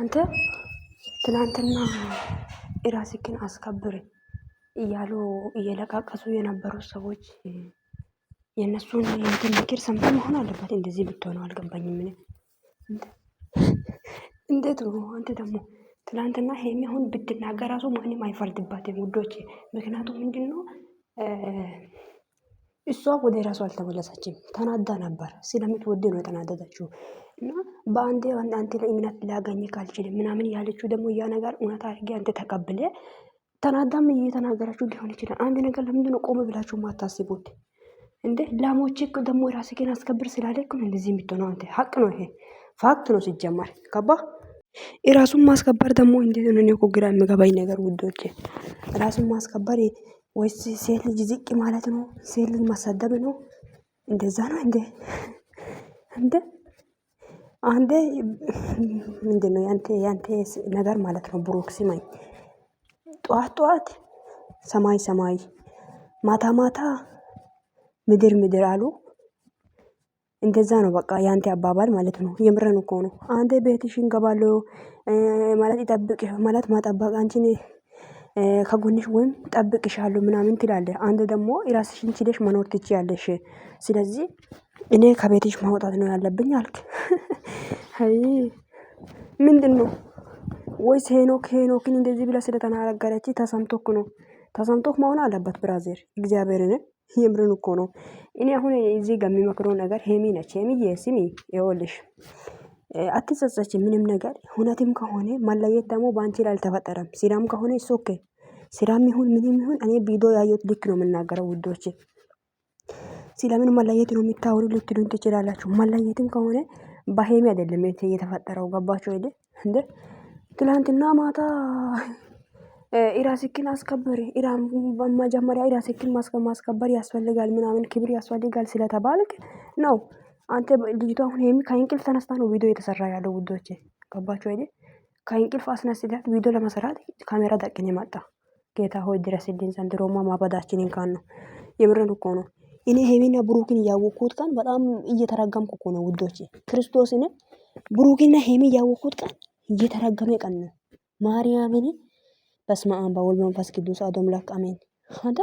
አንተ ትናንትና ራስህን አስከብር እያሉ እየለቃቀሱ የነበሩ ሰዎች የእነሱን እንትን ምክር ሰምተ መሆን አለበት። እንደዚህ ብትሆነው አልገባኝም። ምን እንዴት ነው አንተ ደግሞ ትናንትና ሄሚ ሁን ብትናገር ራሱ ማንም አይፈርድባትም ውዶች። ምክንያቱም ምንድን ነው እሷ ወደ ራሱ አልተመለሰችም። ተናዳ ነበር። ስለምትወድ ነው የተናደደችው። እና በአንዴ አንተ ላይ እምነት ላገኝ አልችልም ምናምን ያለችው ደግሞ ያ ነገር እውነት አድርጌ አንተ ተቀብለ ተናዳም እየተናገራችሁ ሊሆን ይችላል። አንድ ነገር ለምንድነው ቆም ብላችሁ ማታስቡት እንዴ? ላሞቼ ደግሞ ራስህን አስከብር ስላለህ እኮ ነው እንደዚህ የምትሆነው። አንተ ሀቅ ነው፣ ይሄ ፋክት ነው። ሲጀመር ከባ የራሱን ማስከበር ደግሞ እንዴት ነው? እኔ እኮ ግራ የሚገባኝ ነገር ውዶቼ፣ ራሱን ማስከበር ወይስ ሴት ልጅ ዝቅ ማለት ነው? ሴት ልጅ ማሳደብ ነው? እንደዛ ነው እንዴ? እንዴ አንዴ ምንድነው ያንተ ያንተ ነገር ማለት ነው ብሩክ ስማኝ። ጠዋት ጠዋት ሰማይ ሰማይ ማታ ማታ ምድር ምድር አሉ። እንደዛ ነው በቃ ያንተ አባባል ማለት ነው። የምረን እኮ ነው። አንዴ ቤትሽን ገባለው ማለት ይጠብቅ ማለት ማጠባቅ አንቺን ከጎንሽ ወይም ጠብቅሻለሁ ምናምን ትላለህ። አንድ ደግሞ ራስሽን ችለሽ መኖር ትችያለሽ። ስለዚህ እኔ ከቤትሽ ማውጣት ነው ያለብኝ አልክ። አይ ነው ወይስ ሄኖክ ሄኖክን እንደዚህ ብለህ ስለተናገረችህ ተሰምቶክ ነው? ተሰምቶክ መሆን አለበት ብራዘር። እግዚአብሔርን የምርን እኮ ነው። እኔ አሁን እዚህ ጋር የሚመክረው ነገር ሄሚ ነች። ሄሚ ስሚ፣ የወልሽ አትጸጸች ምንም ነገር። እውነትም ከሆነ መለየት ደግሞ በአንቺ ላይ አልተፈጠረም። ስራም ከሆነ ሶኬ ኦኬ ስራም ይሁን ምንም ይሁን እኔ ቪዲዮ ያየሁት ልክ ነው የምናገረው ውዶቼ ስለምን መለየት ነው የሚታወሩ ልትሉን ትችላላችሁ። መለየትም ከሆነ ባሄም አይደለም የተፈጠረው። ገባችሁ አይደ እንደ ትላንትና ማታ ኢራስክን አስከበሪ ኢራም በመጀመሪያ ኢራስክን ማስከበር ያስፈልጋል ምናምን ክብር ያስፈልጋል ስለተባልክ ነው። አንተ ልጅቷ አሁን ሄሚ ከእንቅልፍ ተነስታ ነው ቪዲዮ የተሰራ ያለው ውዶቼ፣ ገባችሁ አይደ ከእንቅልፍ አስነስተህ ቪዲዮ ለመሰራት ካሜራ ደቅን የመጣ ጌታ ሆይ ድረስልን። ዘንድሮማ ማበዳችን እንካን ነው። የምርን እኮ ነው። እኔ ሄሚና ብሩክን ያወቅኩት ቀን በጣም እየተረገምኩ እኮ ነው ውዶች። ክርስቶስን ብሩክና ሄሜ ያወቅኩት ቀን እየተረገመ ቀን ነው። ማርያምን በስመ አብ ወወልድ ወመንፈስ ቅዱስ አሐዱ አምላክ አሜን። አንተ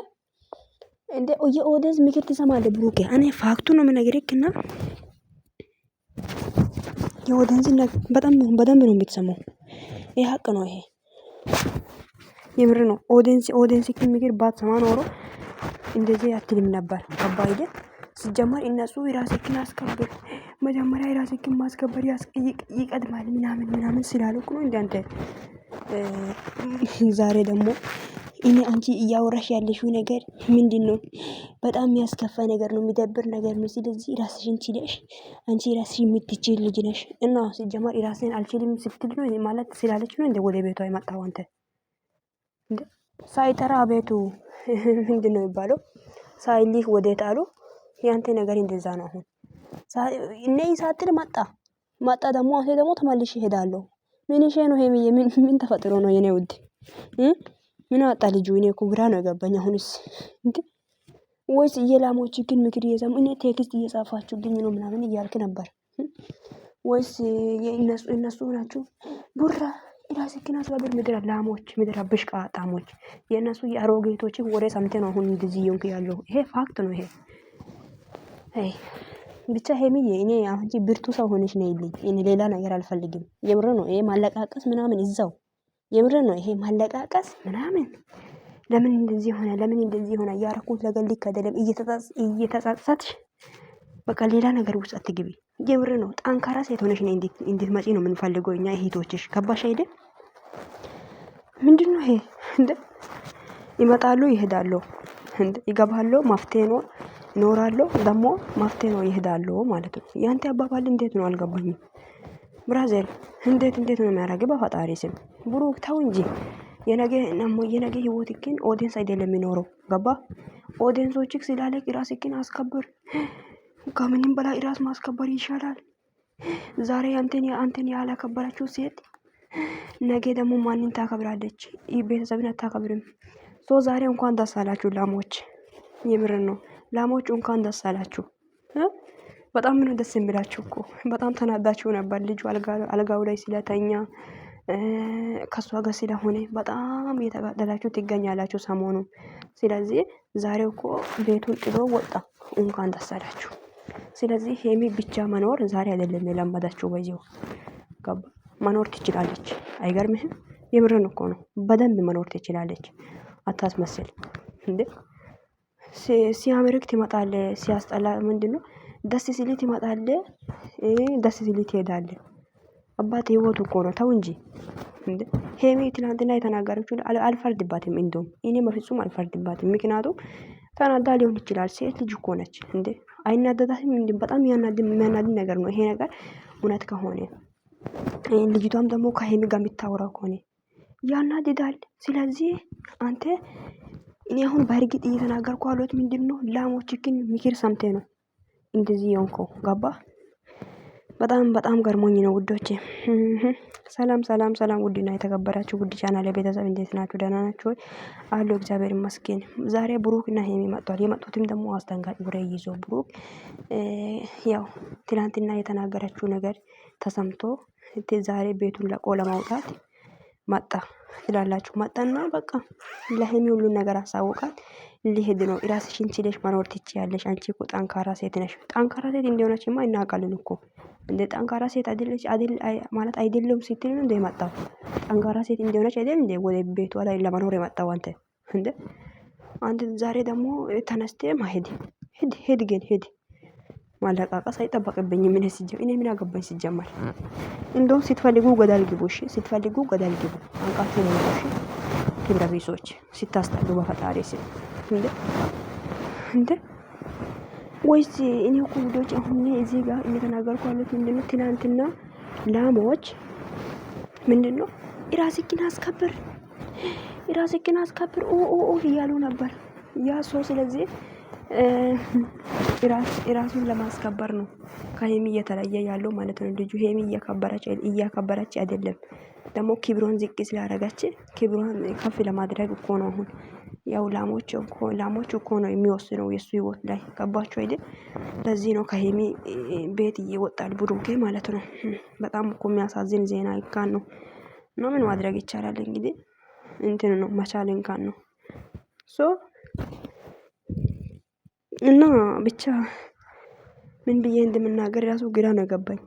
እንደ የኦዴዝ ምክር ትሰማለህ ብሩኬ? እኔ ፋክቱ ነው የምነግርህ እና በጣም በደንብ ነው የምትሰማው። ይሄ ሀቅ ነው። ይሄ የምር ነው። ኦዴንስ ኦዴንስ ምክር ባትሰማ ኖሮ እንደዚህ አትልም ነበር። አባይደ አይደል? ሲጀመር እነሱ የራስክን አስከብር፣ መጀመሪያ የራስክን ማስከበር ይቀድማል ምናምን ምናምን ስላሉ እኮ ነው። እንዳንተ ዛሬ ደግሞ እኔ አንቺ እያወራሽ ያለሽው ነገር ምንድን ነው? በጣም የሚያስከፋ ነገር ነው፣ የሚደብር ነገር ነው። ስለዚህ ራስሽን ችለሽ አንቺ ራስሽ የምትችል ልጅ ነሽ እና ሲጀመር ራስን አልችልም ስትል ነው ማለት ስላለች ነው እንደ ወደ ቤቷ የመጣው አንተ ሳይጠራ ቤቱ ምንድን ነው የሚባለው? ሳይልህ ወዴት አሉ። ያንተ ነገር እንደዛ ነው። አሁን እኔ ሳትል መጣ መጣ ደግሞ አንተ ደግሞ ተመልሽ ይሄዳለሁ። ምን ሽ ነው ሄሚዬ? ምን ተፈጥሮ ነው የኔ ውድ? ምን አጣ ልጁ? እኔ እኮ ግራ ነው የገባኝ። አሁንስ እንት ወይስ እየላሞች ግን ምክር እየሰሙ እኔ ቴክስት እየጻፋችሁልኝ ነው ምናምን እያልክ ነበር ወይስ እነሱ ናችሁ? ቡራ ላስኪና ስለብር ምድረ ላሞች ምድረ ጣሞች የእነሱ የአሮጌቶችን ወደ ሰምቴ ነው አሁን እንደዚህ እየሆንኩ ያለው። ይሄ ፋክት ነው። ይሄ ብቻ ሄሚዬ እኔ አንቺ ብርቱ ሰው ሆነሽ ይልኝ። እኔ ሌላ ነገር አልፈልግም። የምር ነው ይሄ ማለቃቀስ ምናምን ይዛው። የምር ነው ይሄ ማለቃቀስ ምናምን። ለምን እንደዚህ ሆነ፣ ለምን እንደዚህ ሆነ ያረኩት ነገር ልክ አይደለም እየተጸጸትሽ በቃ ሌላ ነገር ውስጥ አትግቢ። የምር ነው። ጠንካራ ሴት ሆነሽ ነው እንዴት መጪ ነው የምንፈልገው እኛ እህቶችሽ። ገባሽ አይደል? ምንድነው ይሄ እንደ ይመጣሉ ይሄዳሉ፣ ይገባሉ፣ መፍትሄ ነው ይኖራሉ፣ ደግሞ መፍትሄ ነው ይሄዳሉ ማለት ነው። ያንተ አባባል እንዴት ነው አልገባኝም። ብራዘር እንዴት እንዴት ነው የሚያደርግ? በፈጣሪ ስም ብሩክ ተው እንጂ የነገ የነገ ህይወት ግን ኦዲንስ አይደለም የሚኖረው ገባ። ኦዲየንሶች ስላለቅ ግን አስከብር። ከምንም በላይ ራስ ማስከበር ይሻላል። ዛሬ አንተን አንተን ያላከበረችው ሴት ነገ ደግሞ ማንን ታከብራለች? ይህ ቤተሰብን አታከብርም። ሶ ዛሬ እንኳን ደስ አላችሁ ላሞች፣ የምር ነው ላሞች፣ እንኳን ደስ አላችሁ። በጣም ምን ደስ የሚላችሁ እኮ። በጣም ተናዳችሁ ነበር ልጁ አልጋው ላይ ስለተኛ ከእሷ ጋር ስለሆነ በጣም እየተጋደላችሁ ትገኛላችሁ ሰሞኑ። ስለዚህ ዛሬ እኮ ቤቱን ጥሎ ወጣ። እንኳን ደስ አላችሁ። ስለዚህ ሄሚ ብቻ መኖር ዛሬ አይደለም የለመደችው፣ በዚህ ወቅት መኖር ትችላለች። አይገርምህም? የምርን እኮ ነው። በደንብ መኖር ትችላለች። አታስመስል እንዴ! ሲያምርክ ትመጣለ፣ ሲያስጠላ ምንድነው? ደስ ሲል ትመጣለ፣ ደስ ሲል ትሄዳለ። አባት ህይወቱ እኮ ነው። ተው እንጂ እንዴ! ሄሚ ትላንትና የተናገረችው አልፈርድባትም። እንደውም እኔ በፍጹም አልፈርድባትም። ምክንያቱም ተናዳ ሊሆን ይችላል። ሴት ልጅ እኮ ነች እንዴ! አይናደዳትም? እንዲህ በጣም የሚያናድድ ነገር ነው ይሄ ነገር እውነት ከሆነ ልጅቷም ደግሞ ከሄሚ ጋር የሚታወራው ከሆነ ያናድዳል። ስለዚህ አንተ እኔ አሁን በእርግጥ እየተናገርኩ አሉት ምንድን ነው ላሞችክን ምክር ሰምቴ ነው እንደዚህ የሆንከው ገባ በጣም በጣም ገርሞኝ ነው ውዶቼ። ሰላም ሰላም ሰላም ውድና የተከበራችሁ ውድ ቻናል ቤተሰብ እንዴት ናችሁ? ደህና ናችሁ ወይ? አሉ እግዚአብሔር ይመስገን። ዛሬ ብሩክ እና ሄሚ መጥቷል። የመጡትም ደግሞ አስደንጋጭ ወሬ ይዞ ብሩክ ያው ትናንትና የተናገረችው ነገር ተሰምቶ ዛሬ ቤቱን ለቆ ለማውጣት መጣ ትላላችሁ። መጣና በቃ ለሄሚ ሁሉን ነገር አሳውቃት ሊሄድ ነው። ራስሽን ችለሽ መኖር ትችያለሽ። አንቺ እኮ ጠንካራ ሴት ነሽ። ጠንካራ ሴት እንደሆነችማ እናውቃለን እኮ እንደ ጠንካራ ሴት አይደለች አይደል ማለት አይደለም ስትል ነው እንደ የመጣው ጠንካራ ሴት እንደሆነች አይደል እንደ ወደ ቤቷ ላይ ለመኖር የመጣው አንተ እንደ አንተ ዛሬ ደግሞ ተነስቴ ማሄድ ሄድ ሄድ ግን ሄድ ማለቃቀስ አይጠበቅብኝም። ምን ሲጀምር እኔ ምን አገባኝ ሲጀመር። እንደውም ስትፈልጉ ገዳል ግቡ፣ እሺ ስትፈልጉ ገዳል ግቡ። አንቃችሁ ነው እሺ ኪንዳቢሶች ሲታስጠሉ በፈጣሪ ሲል እንደ ወይስ እኔ እኮ ልጆች አሁን እዚህ ጋር እየተናገርኩ ያሉት ምንድነው ትናንትና ላሞች ምንድነው ራስህን አስከብር ራስህን አስከብር ኦ ኦ ኦ እያሉ ነበር። ያ ሰው ስለዚህ ራሱን ለማስከበር ነው ከሄሚ እየተለየ ያለው ማለት ነው። ልጁ ሄሚ እያከበረች አይደለም። ደግሞ ክብሯን ዝቅ ስላደረገች ክብሯን ከፍ ለማድረግ እኮ ነው አሁን ያው ላሞች እኮ ላሞች እኮ ነው የሚወስነው የእሱ ህይወት ላይ ገባቸው አይደል? ለዚህ ነው ከሄሚ ቤት እየወጣል ብሩኬ ማለት ነው። በጣም እኮ የሚያሳዝን ዜና እንካን ነው። እና ምን ማድረግ ይቻላል እንግዲህ እንትን ነው መቻል እንካን ነው። ሶ እና ብቻ ምን ብዬ እንደምናገር ራሱ ግራ ነው የገባኝ።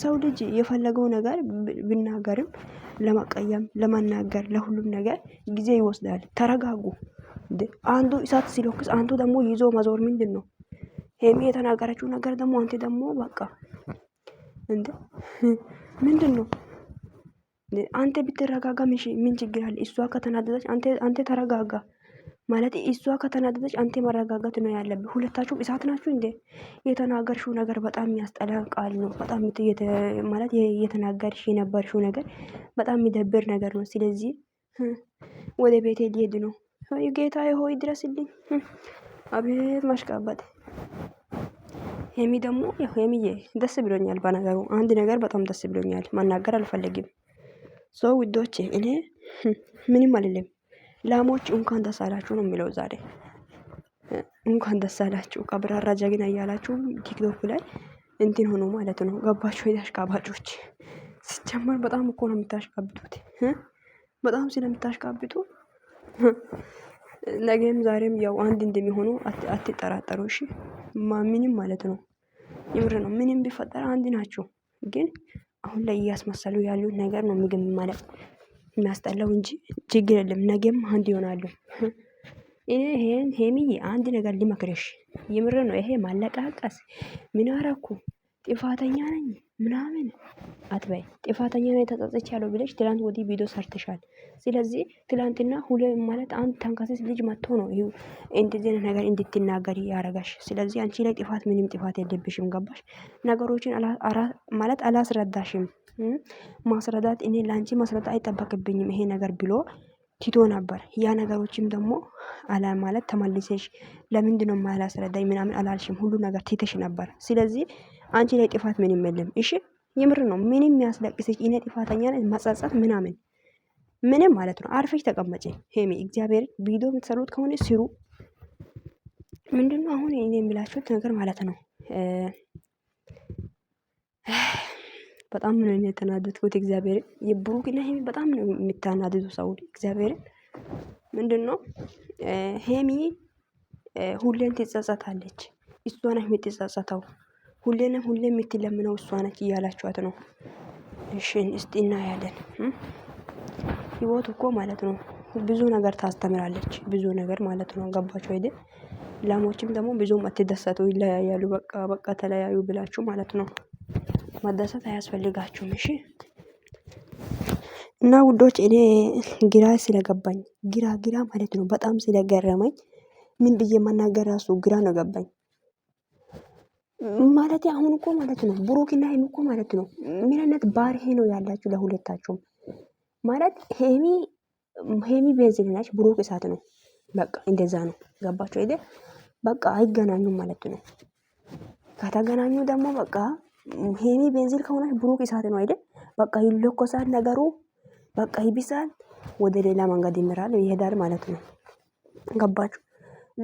ሰው ልጅ የፈለገው ነገር ብናገርም ለመቀየም ለመናገር ለሁሉም ነገር ጊዜ ይወስዳል። ተረጋጉ። አንዱ እሳት ሲለኩስ አንዱ ደግሞ ይዞ መዞር ነው? ሄሚ የተናገረችው ነገር ደግሞ አንተ ደግሞ በቃ ምንድን ነው አንተ ብትረጋጋ ምን ችግር አለ? እሷ ከተናደደች አንተ ተረጋጋ። ማለት እሷ ከተናደደች አንተ መረጋጋት ነው ያለብህ። ሁለታችሁም እሳት ናችሁ እንዴ? የተናገርሽው ነገር በጣም የሚያስጠላ ቃል ነው። በጣም ማለት የተናገርሽ የነበርሽው ነገር በጣም የሚደብር ነገር ነው። ስለዚህ ወደ ቤቴ ሊሄድ ነው። ጌታ ሆይ ድረስልኝ። አቤት ማሽቃባት። ሄሚ ደግሞ ሄሚዬ ደስ ብሎኛል። በነገሩ አንድ ነገር በጣም ደስ ብሎኛል። ማናገር አልፈልግም። ሰው ውዶቼ እኔ ምንም አልልም። ላሞች እንኳን ደስ አላችሁ ነው የሚለው ዛሬ እንኳን ደስ አላችሁ ቀብራራ ጀግና እያላችሁ ቲክቶክ ላይ እንትን ሆኖ ማለት ነው። ገባችሁ ወይ አሽቃባጮች? ሲጀመር በጣም እኮ ነው የምታሽቃብጡት። በጣም ስለምታሽቃብጡ ነገም ዛሬም ያው አንድ እንደሚሆኑ አትጠራጠሩ። እሺ ምንም ማለት ነው ይምር ነው ምንም ቢፈጠር አንድ ናቸው። ግን አሁን ላይ እያስመሰሉ ያሉት ነገር ነው ምግብ ማለት የሚያስጠላው እንጂ ችግር የለም። ነገም አንድ ይሆናሉ። እኔ ይሄን ሄሚዬ አንድ ነገር ሊመክርሽ የምር ነው ይሄ ማለቃቀስ ምን አረኩ ጥፋተኛ ነኝ ምናምን አትበይ። ጥፋተኛ ነኝ ያለው ብለሽ ትላንት ወዲህ ቪዲዮ ሰርተሻል። ስለዚህ ትላንትና ሁሌ ማለት አንድ ተንከሲስ ልጅ መጥቶ ነው ይሁ እንደዚህ ነገር እንድትናገሪ ያረጋሽ። ስለዚህ አንቺ ላይ ጥፋት ምንም ጥፋት የለብሽም። ገባሽ? ነገሮችን ማለት አላስረዳሽም። ማስረዳት እኔ ለአንቺ ማስረዳት አይጠበቅብኝም ይሄ ነገር ብሎ ቲቶ ነበር። ያ ነገሮችም ደግሞ አላ ማለት ተመልሰሽ ለምንድነው ማላስረዳኝ ምናምን አላልሽም። ሁሉ ነገር ትተሽ ነበር። ስለዚህ አንቺ ላይ ጥፋት ምንም የለም። እሺ የምር ነው። ምንም የሚያስለቅስሽ ይነ ጥፋተኛ ነኝ ማጻጻፍ ምናምን ምንም ማለት ነው። አርፈሽ ተቀመጪ ሄሚ። እግዚአብሔር ቪዲዮ የምትሰሩት ከሆነ ስሩ። ምንድነው አሁን እኔ የሚላችሁት ነገር ማለት ነው። በጣም ነው እኔ የተናደድኩት። እግዚአብሔር የብሩክና ሄሚ በጣም ነው የምታናድዱ ሰው። እግዚአብሔር ምንድነው ሄሚ ሁሌን ትጸጸታለች። እሷ ናት የምትጸጸተው። ሁሌንም ሁሌ የምትለምነው እሷ ነች እያላችኋት ነው። እሺን እስቲ እናያለን። ህይወት እኮ ማለት ነው ብዙ ነገር ታስተምራለች፣ ብዙ ነገር ማለት ነው። ገባችሁ አይደል? ላሞችም ደግሞ ብዙም አትደሰቱ፣ ይለያያሉ። በቃ በቃ ተለያዩ ብላችሁ ማለት ነው። መደሰት አያስፈልጋችሁም። እሺ እና ውዶች እኔ ግራ ስለገባኝ ግራ ግራ ማለት ነው በጣም ስለገረመኝ ምን ብዬ መናገር ራሱ ግራ ነው ገባኝ። ማለት አሁን እኮ ማለት ነው ብሩክና ሄሚ እኮ ማለት ነው ምን አይነት ባህሪ ነው ያላችሁ ለሁለታችሁም? ማለት ሄሚ ሄሚ ቤንዚን ናች፣ ብሩክ እሳት ነው። በቃ እንደዛ ነው። ገባችሁ አይደል? በቃ አይገናኙም ማለት ነው። ከተገናኙ ደግሞ በቃ ሄሚ ቤንዚን ከሆነች ብሩክ እሳት ነው አይደል? በቃ ይለኮሳል ነገሩ፣ በቃ ይብሳል፣ ወደ ሌላ መንገድ ይምራል ይሄዳል ማለት ነው። ገባችሁ?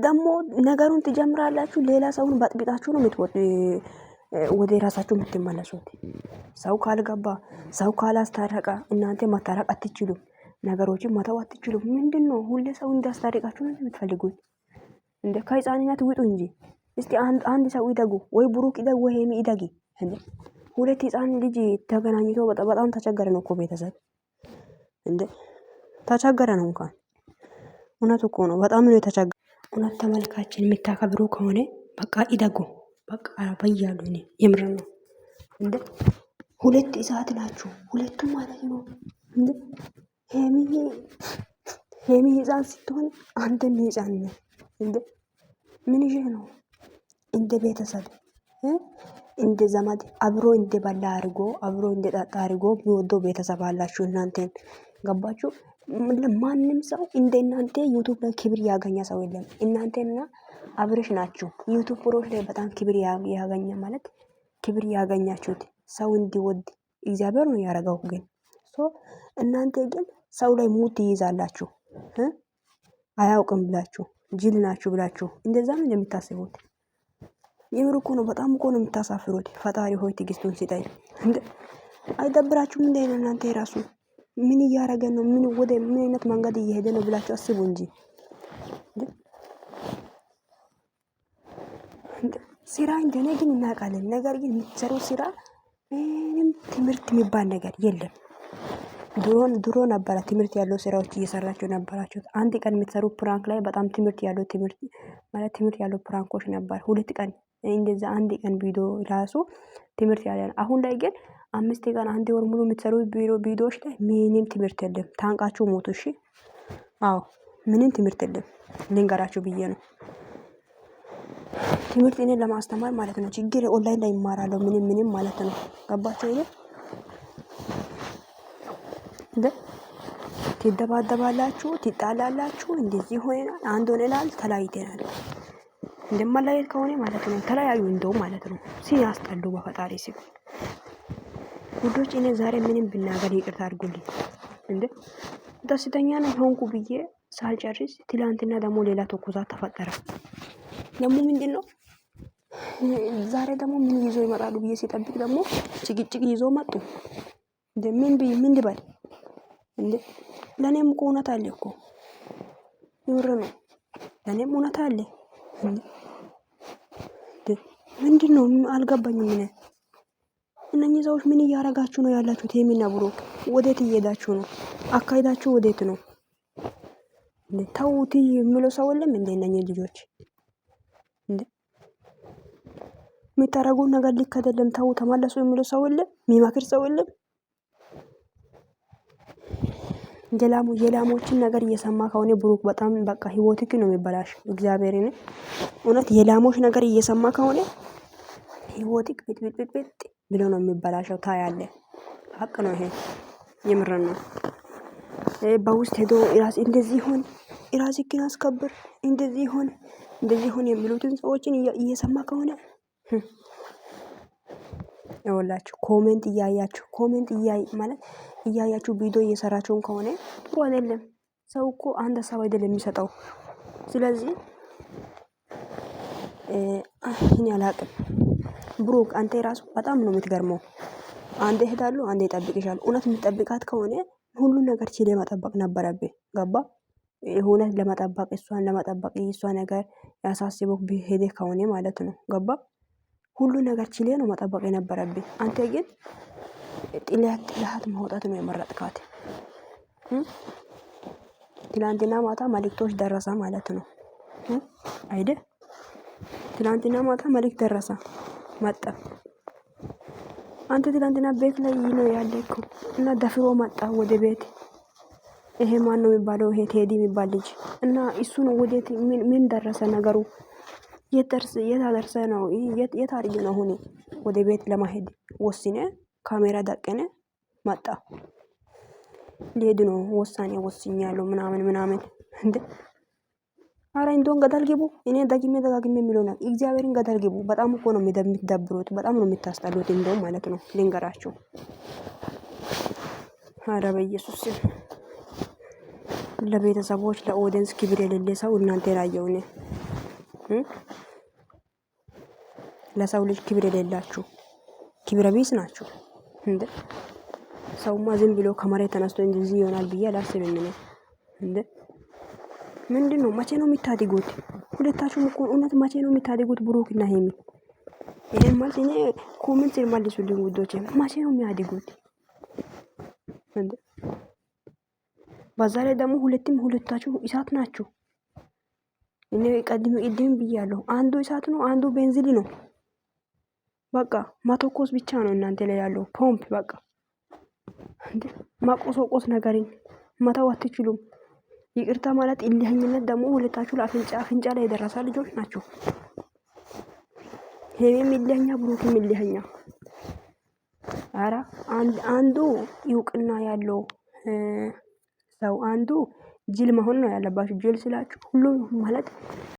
ደግሞ ነገሩን ትጀምራላችሁ። ሌላ ሰውን በጥቢጣችሁ ነው ወደ ራሳችሁ የምትመለሱት። ሰው ካልገባ ሰው ካላስታረቀ እናንተ ማታረቅ አትችሉም። ነገሮችን መተው አትችሉም። ምንድን ነው ሁሌ ሰው እንዳስታረቃችሁ ነው የምትፈልጉት? እንደ ከህፃንነት ውጡ እንጂ እስቲ አንድ ሰው ይደጉ፣ ወይ ብሩክ ይደጉ ወይ ሄሚ ይደጊ። ሁለት ህፃን ልጅ ተገናኝቶ በጣም ተቸገረ ነው እኮ ቤተሰብ እንደ ተቸገረ ነው እንኳን እውነት እኮ ነው። በጣም ነው የተቸገረ እውነት ተመልካችን የምታከብሩ ከሆነ በቃ ይደጉ። በቃ በያሉ የምር ነው እንደ ሁለት እሳት ናችሁ ሁለቱም ማለት ነው። እንደ ሄሚ ህፃን ስትሆን አንተም ህፃን ነ እንደ ምን ይህ ነው እንደ ቤተሰብ እንደ ዘመድ አብሮ እንደ በላ አድርጎ አብሮ እንደ ጠጣ አድርጎ የሚወደው ቤተሰብ አላችሁ እናንተን ገባችሁ። ማንም ሰው እንደ እናንተ ዩቱብ ላይ ክብር ያገኘ ሰው የለም። እናንተና አብረሽ ናችሁ። ዩቱብ ፕሮች ላይ በጣም ክብር ያገኘ ማለት ክብር ያገኛችሁት ሰው እንዲወድ እግዚአብሔር ነው ያደረገው። ግን እናንተ ግን ሰው ላይ ሙት ይይዛላችሁ አያውቅም ብላችሁ ጅል ናችሁ ብላችሁ እንደዛ ነው የምታስቡት። የምር እኮ ነው። በጣም እኮ ነው የምታሳፍሩት። ፈጣሪ ሆይ ትግስቱን ሲጠይ አይደብራችሁም እንደ እናንተ የራሱ ምን እያደረገ ነው? ምን ወደ ምን አይነት መንገድ እየሄደ ነው ብላችሁ አስቡ እንጂ ስራ እንደሆነ ግን እናውቃለን። ነገር ግን የምትሰሩ ስራ ምንም ትምህርት የሚባል ነገር የለም። ድሮን ድሮ ነበረ ትምህርት ያለው ስራዎች እየሰራችሁ ነበራችሁ። አንድ ቀን የምትሰሩ ፕራንክ ላይ በጣም ትምህርት ያለው ትምህርት ማለት ትምህርት ያለው ፕራንኮች ነበር። ሁለት ቀን እንደዛ አንድ ቀን ቪዲዮ ራሱ ትምህርት ያለ አሁን ላይ ግን አምስት ቀን አንድ ወር ሙሉ የምትሰሩ ቢሮ ቪዲዮዎች ላይ ምንም ትምህርት የለም። ታንቃችሁ ሞቱ። እሺ አዎ ምንም ትምህርት የለም። ልንገራችሁ ብዬ ነው። ትምህርት እኔን ለማስተማር ማለት ነው። ችግር ኦንላይን ላይ ይማራለሁ ምንም ምንም ማለት ነው። ገባችሁ ይሄ እንደ ትደባደባላችሁ፣ ትጣላላችሁ፣ እንደዚህ ሆነናል፣ አንድ ሆነናል፣ ተለያይተናል። እንደማላየት ከሆነ ማለት ነው ተለያዩ እንደው ማለት ነው ሲያስጠሉ በፈጣሪ ሲሆን ውዶች እኔ ዛሬ ምንም ብናገር ይቅርታ አድርጉልኝ። እንደ ደስተኛ ነው ሆንኩ ብዬ ሳልጨርስ ትላንትና ደግሞ ሌላ ተኮዛ ተፈጠረ። ደግሞ ምንድን ነው ዛሬ ደግሞ ምን ይዞ ይመጣሉ ብዬ ሲጠብቅ ደግሞ ጭቅጭቅ ይዞ መጡ። ምን ብ ምን ልበል እንደ ለእኔም እኮ እውነት አለ እኮ ይውር ነው ለእኔም እውነት አለ። ምንድን ነው አልገባኝም ምን እነኚህ ሰዎች ምን እያረጋችሁ ነው ያላችሁት? ሀይሚና ብሩክ ወዴት እየሄዳችሁ ነው? አካሄዳችሁ ወዴት ነው? ተውት የሚለው ሰው የለም እንደ እነኚህ ልጆች የሚታረጉ ነገር ልክ አይደለም፣ ተው ተመለሱ የሚለው ሰው የለም፣ የሚመክር ሰው የለም። የላሙ የላሞችን ነገር እየሰማ ከሆነ ብሩክ በጣም በቃ ህይወትክ ነው የሚበላሽ። እግዚአብሔርን እውነት የላሞች ነገር እየሰማ ከሆነ ህይወትክ ቤት ብሎ ነው የሚበላሸው። ታያለህ፣ ሀቅ ነው ይሄ፣ የምር ነው። በውስጥ ሄዶ ራስ እንደዚህ ሆን፣ ራስህን አስከብር፣ እንደዚህ ሆን፣ እንደዚህ ሆን የሚሉትን ሰዎችን እየሰማ ከሆነ ይወላችሁ ኮሜንት እያያችሁ ኮሜንት እያይ ማለት እያያችሁ ቪዲዮ እየሰራችሁን ከሆነ ጥሩ አይደለም። ሰው እኮ አንድ ሀሳብ አይደለም የሚሰጠው። ስለዚህ እኔ አላቅም። ብሩክ አንተ ራሱ በጣም ነው የምትገርመው። አንዴ ሄዳሉ፣ አንዴ ይጠብቅሻል። እውነት የምጠብቃት ከሆነ ሁሉን ነገር ችለ መጠበቅ ነበረብ ገባ እውነት ለመጠበቅ እሷን ለመጠበቅ እሷ ነገር ያሳስበው ሄደ ከሆነ ማለት ነው። ገባ ሁሉ ነገር ችለ ነው መጠበቅ የነበረብህ። አንተ ግን ጥላት ጥላት ማውጣት ነው የመረጥካት። ትላንትና ማታ መልእክቶች ደረሰ ማለት ነው አይደ ትላንትና ማታ መልክት ደረሰ። መጣ። አንተ ትላንትና ቤት ላይ ነው ያለከው እና ደፍሮ መጣ ወደ ቤት። ይሄ ማን ነው የሚባለው? ይሄ ቴዲ የሚባል ልጅ እና እሱ ነው። ወዴት ምን ደረሰ ነገሩ? የታደርሰ ነው? የት ነው አሁን ወደ ቤት ለማሄድ ወስነ ካሜራ ዳቀነ መጣ። ሊሄድ ነው ወሳኔ ወስኛለሁ ምናምን ምናምን እንዴ አረ እንደውም ገደል ግቡ። እኔ ደግሜ ደጋግሜ የሚለው ነው። እግዚአብሔርን ገደል ግቡ። በጣም እኮ ነው የምትደብሩት። በጣም ነው የምታስጠሉት። እንደውም ማለት ነው ልንገራችሁ። አረ በኢየሱስ ለቤተሰቦች ለኦዲየንስ ክብር የሌለ ሰው እናንተ ራየው ነው። ለሰው ልጅ ክብር የሌላችሁ ክብረ ቢስ ናችሁ እንዴ! ሰውማ ዝም ብሎ ከመሬት ተነስቶ እንደዚህ ይሆናል ብዬ አላስብም እኔ እንዴ ምንድን ነው? መቼ ነው የሚታደጉት? ሁለታችሁም እኮ እውነት መቼ ነው የሚታደጉት? ብሩክ እና ሄሚ ይሄን ማለት እኔ ኮሜንት መልሱልኝ ውዶቼ። መቼ ነው የሚያድጉት? በዛ ላይ ደግሞ ሁለትም ሁለታችሁ እሳት ናችሁ። እኔ ቀድም ቅድም ብያለሁ። አንዱ እሳት ነው፣ አንዱ ቤንዚል ነው። በቃ ማተኮስ ብቻ ነው እናንተ ላይ ያለው ፖምፕ። በቃ እንዴ ማቆሶቆስ ነገርን መተው አትችሉም። ይቅርታ ማለት እልህኝነት ደግሞ ሁለታችሁ ለአፍንጫ አፍንጫ ላይ የደረሰ ልጆች ናቸው። ሄሜም እልህኛ፣ ብሩክም እልህኛ። አረ አንዱ እውቅና ያለው ሰው አንዱ ጅል መሆን ነው ያለባችሁ። ጅል ስላችሁ ሁሉም ማለት